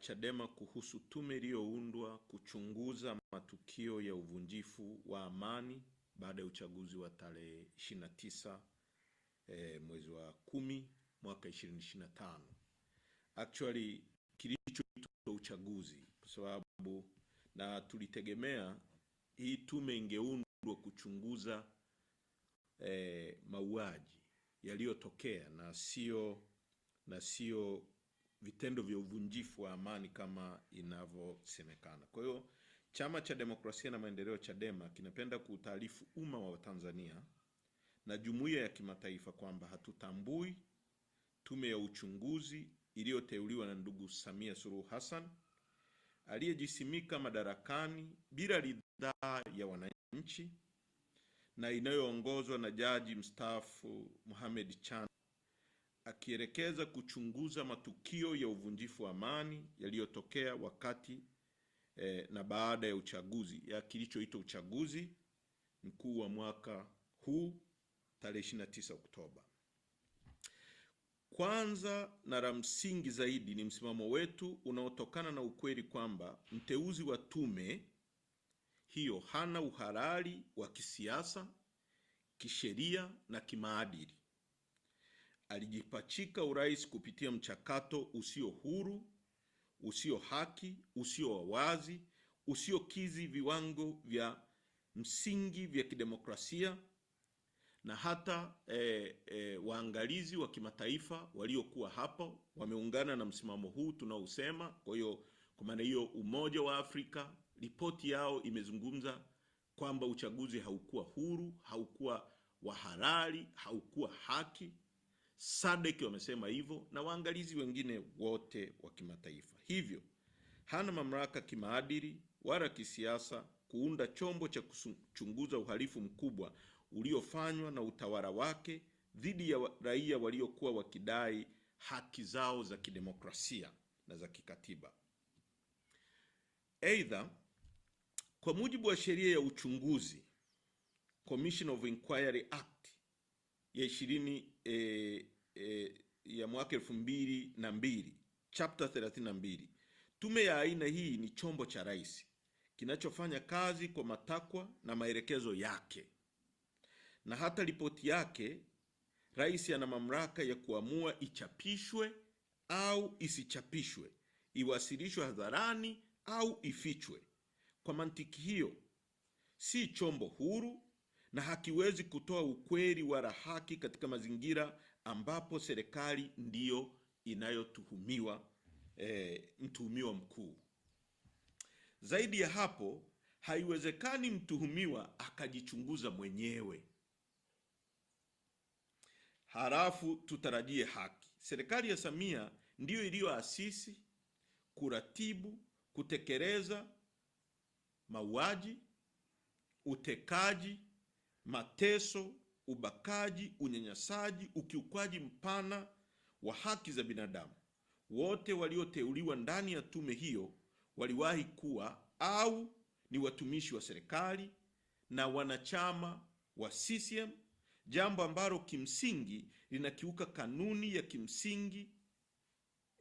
Chadema kuhusu tume iliyoundwa kuchunguza matukio ya uvunjifu wa amani baada ya uchaguzi wa tarehe 29 eh, mwezi wa kumi mwaka 2025. Actually kilichoitwa uchaguzi kwa sababu na tulitegemea hii tume ingeundwa kuchunguza eh, mauaji yaliyotokea na sio na sio vitendo vya uvunjifu wa amani kama inavyosemekana. Kwa hiyo Chama cha Demokrasia na Maendeleo, Chadema, kinapenda kuutaarifu umma wa Tanzania na jumuiya ya kimataifa kwamba hatutambui tume ya uchunguzi iliyoteuliwa na ndugu Samia Suluhu Hassan aliyejisimika madarakani bila ridhaa ya wananchi na inayoongozwa na jaji mstaafu Mohamed Chan akielekeza kuchunguza matukio ya uvunjifu wa amani yaliyotokea wakati eh, na baada ya uchaguzi ya kilichoitwa uchaguzi mkuu wa mwaka huu tarehe 29 Oktoba. Kwanza na la msingi zaidi ni msimamo wetu unaotokana na ukweli kwamba mteuzi wa tume hiyo hana uhalali wa kisiasa, kisheria na kimaadili alijipachika urais kupitia mchakato usio huru, usio haki, usio wa wazi, usiokizi viwango vya msingi vya kidemokrasia na hata e, e, waangalizi wa kimataifa waliokuwa hapo wameungana na msimamo huu tunaousema. Kwa hiyo kwa maana hiyo, Umoja wa Afrika ripoti yao imezungumza kwamba uchaguzi haukuwa huru, haukuwa wa halali, haukuwa haki. SADC wamesema hivyo na waangalizi wengine wote wa kimataifa. Hivyo hana mamlaka kimaadili wala kisiasa kuunda chombo cha kuchunguza uhalifu mkubwa uliofanywa na utawala wake dhidi ya raia waliokuwa wakidai haki zao za kidemokrasia na za kikatiba. Aidha, kwa mujibu wa sheria ya uchunguzi Commission of Inquiry Act ya ishirini e, e, ya mwaka elfu mbili na mbili na 32. Tume ya aina hii ni chombo cha rais kinachofanya kazi kwa matakwa na maelekezo yake, na hata ripoti yake rais ana mamlaka ya kuamua ichapishwe au isichapishwe, iwasilishwe hadharani au ifichwe. Kwa mantiki hiyo, si chombo huru na hakiwezi kutoa ukweli wala haki katika mazingira ambapo serikali ndiyo inayotuhumiwa e, mtuhumiwa mkuu. Zaidi ya hapo, haiwezekani mtuhumiwa akajichunguza mwenyewe halafu tutarajie haki. Serikali ya Samia ndiyo iliyoasisi, kuratibu, kutekeleza mauaji, utekaji mateso, ubakaji, unyanyasaji, ukiukwaji mpana wa haki za binadamu. Wote walioteuliwa ndani ya tume hiyo waliwahi kuwa au ni watumishi wa serikali na wanachama wa CCM, jambo ambalo kimsingi linakiuka kanuni ya kimsingi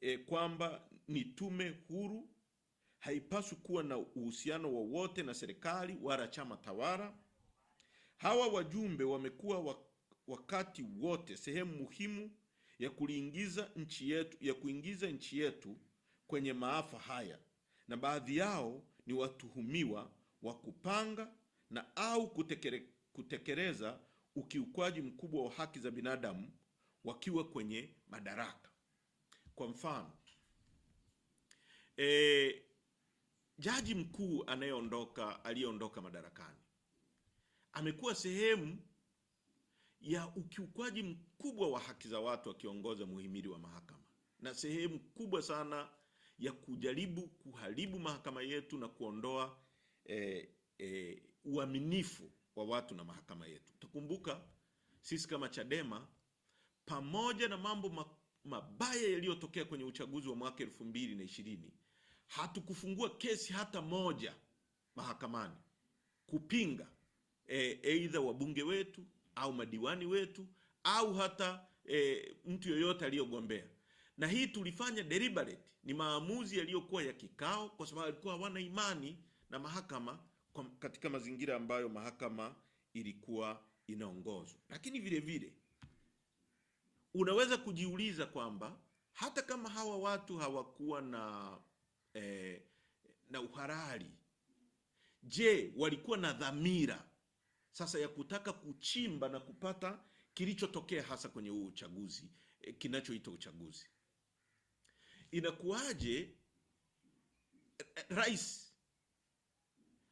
e, kwamba ni tume huru, haipaswi kuwa na uhusiano wowote na serikali wala chama tawala. Hawa wajumbe wamekuwa wakati wote sehemu muhimu ya kuingiza nchi yetu, ya kuingiza nchi yetu kwenye maafa haya, na baadhi yao ni watuhumiwa wa kupanga na au kutekere, kutekeleza ukiukwaji mkubwa wa haki za binadamu wakiwa kwenye madaraka. Kwa mfano e, jaji mkuu anayeondoka aliyeondoka madarakani amekuwa sehemu ya ukiukwaji mkubwa wa haki za watu akiongoza muhimili wa mahakama na sehemu kubwa sana ya kujaribu kuharibu mahakama yetu na kuondoa e, e, uaminifu wa watu na mahakama yetu. Tukumbuka sisi kama Chadema pamoja na mambo mabaya yaliyotokea kwenye uchaguzi wa mwaka elfu mbili na ishirini hatukufungua kesi hata moja mahakamani kupinga e, aidha wabunge wetu au madiwani wetu au hata e, mtu yoyote aliyogombea. Na hii tulifanya deliberate, ni maamuzi yaliyokuwa ya kikao, kwa sababu alikuwa hawana imani na mahakama kwa, katika mazingira ambayo mahakama ilikuwa inaongozwa. Lakini vile vile unaweza kujiuliza kwamba hata kama hawa watu hawakuwa na e, na uhalali, je, walikuwa na dhamira sasa ya kutaka kuchimba na kupata kilichotokea hasa kwenye huu uchaguzi e, kinachoitwa uchaguzi. Inakuwaje eh, rais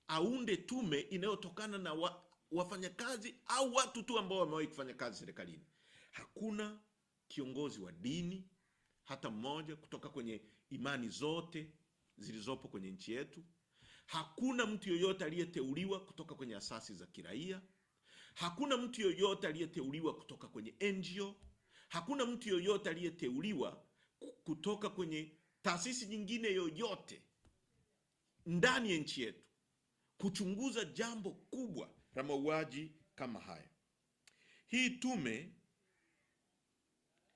aunde tume inayotokana na wa, wafanyakazi au watu tu ambao wamewahi kufanya kazi serikalini? Hakuna kiongozi wa dini hata mmoja kutoka kwenye imani zote zilizopo kwenye nchi yetu Hakuna mtu yoyote aliyeteuliwa kutoka kwenye asasi za kiraia, hakuna mtu yoyote aliyeteuliwa kutoka kwenye NGO, hakuna mtu yoyote aliyeteuliwa kutoka kwenye taasisi nyingine yoyote ndani ya nchi yetu kuchunguza jambo kubwa la mauaji kama haya. Hii tume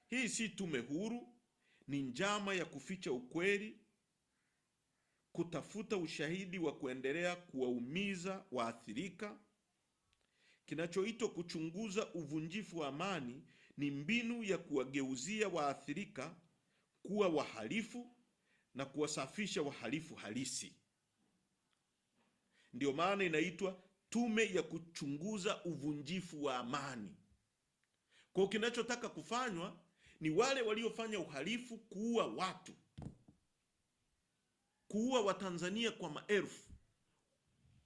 hii si tume huru, ni njama ya kuficha ukweli kutafuta ushahidi wa kuendelea kuwaumiza waathirika. Kinachoitwa kuchunguza uvunjifu wa amani ni mbinu ya kuwageuzia waathirika kuwa wahalifu na kuwasafisha wahalifu halisi. Ndiyo maana inaitwa tume ya kuchunguza uvunjifu wa amani. Kwa kinachotaka kufanywa ni wale waliofanya uhalifu kuua watu kuua Watanzania kwa maelfu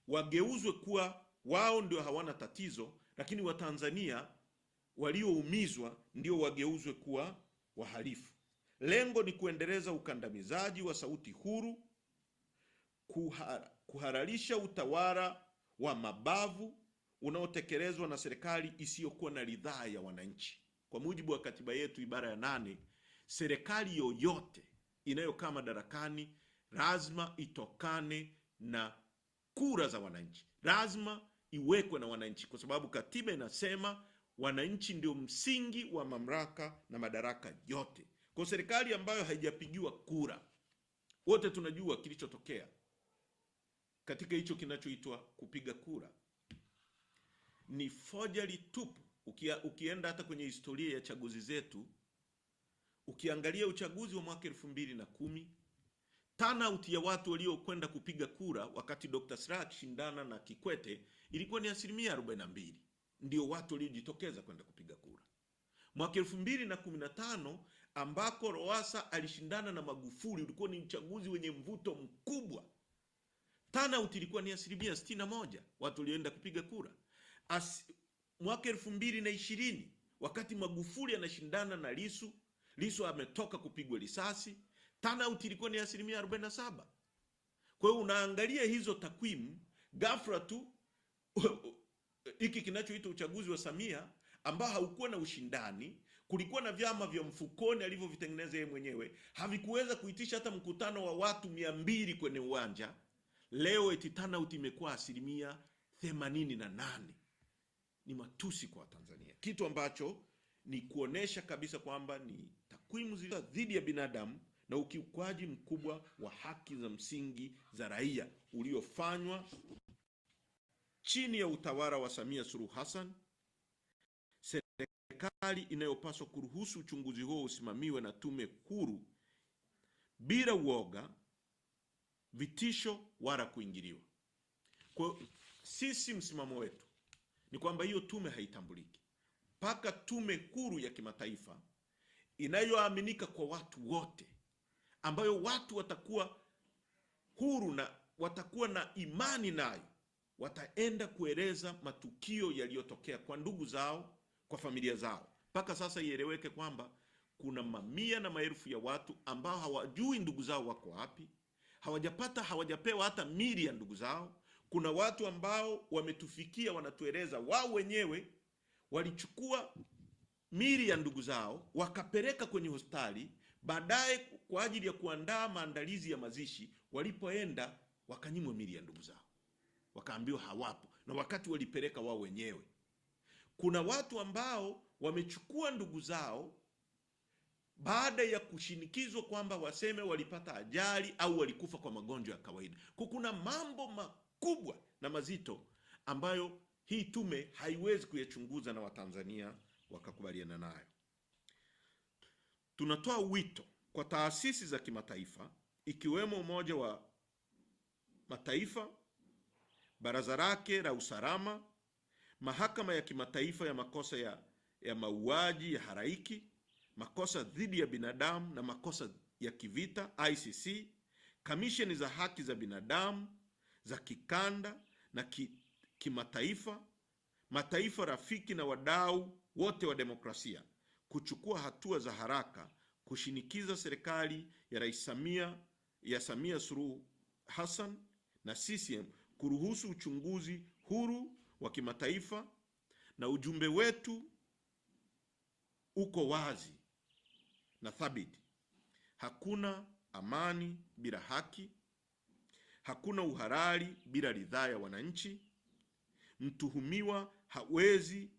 wageuzwe kuwa wao ndio hawana tatizo, lakini Watanzania walioumizwa ndio wageuzwe kuwa wahalifu. Lengo ni kuendeleza ukandamizaji wa sauti huru, kuhararisha utawala wa mabavu unaotekelezwa na serikali isiyokuwa na ridhaa ya wananchi. Kwa mujibu wa katiba yetu, ibara ya nane, serikali yoyote inayokaa madarakani lazima itokane na kura za wananchi, lazima iwekwe na wananchi, kwa sababu katiba inasema wananchi ndio msingi wa mamlaka na madaraka yote. Kwa serikali ambayo haijapigiwa kura, wote tunajua kilichotokea katika hicho kinachoitwa kupiga kura ni fojali tupu. Ukia, ukienda hata kwenye historia ya chaguzi zetu ukiangalia uchaguzi wa mwaka elfu mbili na kumi turnout ya watu waliokwenda kupiga kura wakati Dr. Slaa akishindana na Kikwete ilikuwa ni asilimia 42, ndio watu waliojitokeza kwenda kupiga kura. Mwaka elfu mbili na kumi na tano ambako Lowassa alishindana na Magufuli ulikuwa ni uchaguzi wenye mvuto mkubwa. Turnout ilikuwa ni asilimia sitini na moja watu walioenda kupiga kura. As, mwaka elfu mbili na ishirini wakati Magufuli anashindana na Lisu, Lisu ametoka kupigwa risasi turnout ilikuwa ni asilimia 47. Kwa hiyo unaangalia hizo takwimu ghafla tu hiki kinachoitwa uchaguzi wa Samia ambao haukuwa na ushindani, kulikuwa na vyama vya mfukoni alivyovitengeneza yeye mwenyewe, havikuweza kuitisha hata mkutano wa watu mia mbili kwenye uwanja. Leo eti turnout imekuwa asilimia themanini na nane. Ni matusi kwa Tanzania, kitu ambacho ni kuonesha kabisa kwamba ni takwimu zilizo dhidi ya binadamu na ukiukwaji mkubwa wa haki za msingi za raia uliofanywa chini ya utawala wa Samia Suluhu Hassan. Serikali inayopaswa kuruhusu uchunguzi huo usimamiwe na tume huru bila uoga, vitisho wala kuingiliwa. Kwa sisi, msimamo wetu ni kwamba hiyo tume haitambuliki mpaka tume huru ya kimataifa inayoaminika kwa watu wote ambayo watu watakuwa huru na watakuwa na imani nayo, wataenda kueleza matukio yaliyotokea kwa ndugu zao, kwa familia zao. Mpaka sasa ieleweke kwamba kuna mamia na maelfu ya watu ambao hawajui ndugu zao wako wapi, hawajapata hawajapewa hata mili ya ndugu zao. Kuna watu ambao wametufikia, wanatueleza wao wenyewe walichukua mili ya ndugu zao wakapeleka kwenye hospitali Baadaye kwa ajili ya kuandaa maandalizi ya mazishi, walipoenda wakanyimwa mili ya ndugu zao, wakaambiwa hawapo, na wakati walipeleka wao wenyewe. Kuna watu ambao wamechukua ndugu zao baada ya kushinikizwa kwamba waseme walipata ajali au walikufa kwa magonjwa ya kawaida. Kuna mambo makubwa na mazito ambayo hii tume haiwezi kuyachunguza na Watanzania wakakubaliana nayo tunatoa wito kwa taasisi za kimataifa ikiwemo Umoja wa Mataifa, Baraza lake la Usalama, Mahakama ya Kimataifa ya Makosa ya, ya Mauaji ya haraiki Makosa dhidi ya Binadamu na Makosa ya Kivita ICC, kamisheni za haki za binadamu za kikanda na ki, kimataifa, mataifa rafiki na wadau wote wa demokrasia kuchukua hatua za haraka kushinikiza serikali ya Rais Samia ya Samia Suluhu Hassan na CCM kuruhusu uchunguzi huru wa kimataifa, na ujumbe wetu uko wazi na thabiti: hakuna amani bila haki, hakuna uhalali bila ridhaa ya wananchi. Mtuhumiwa hawezi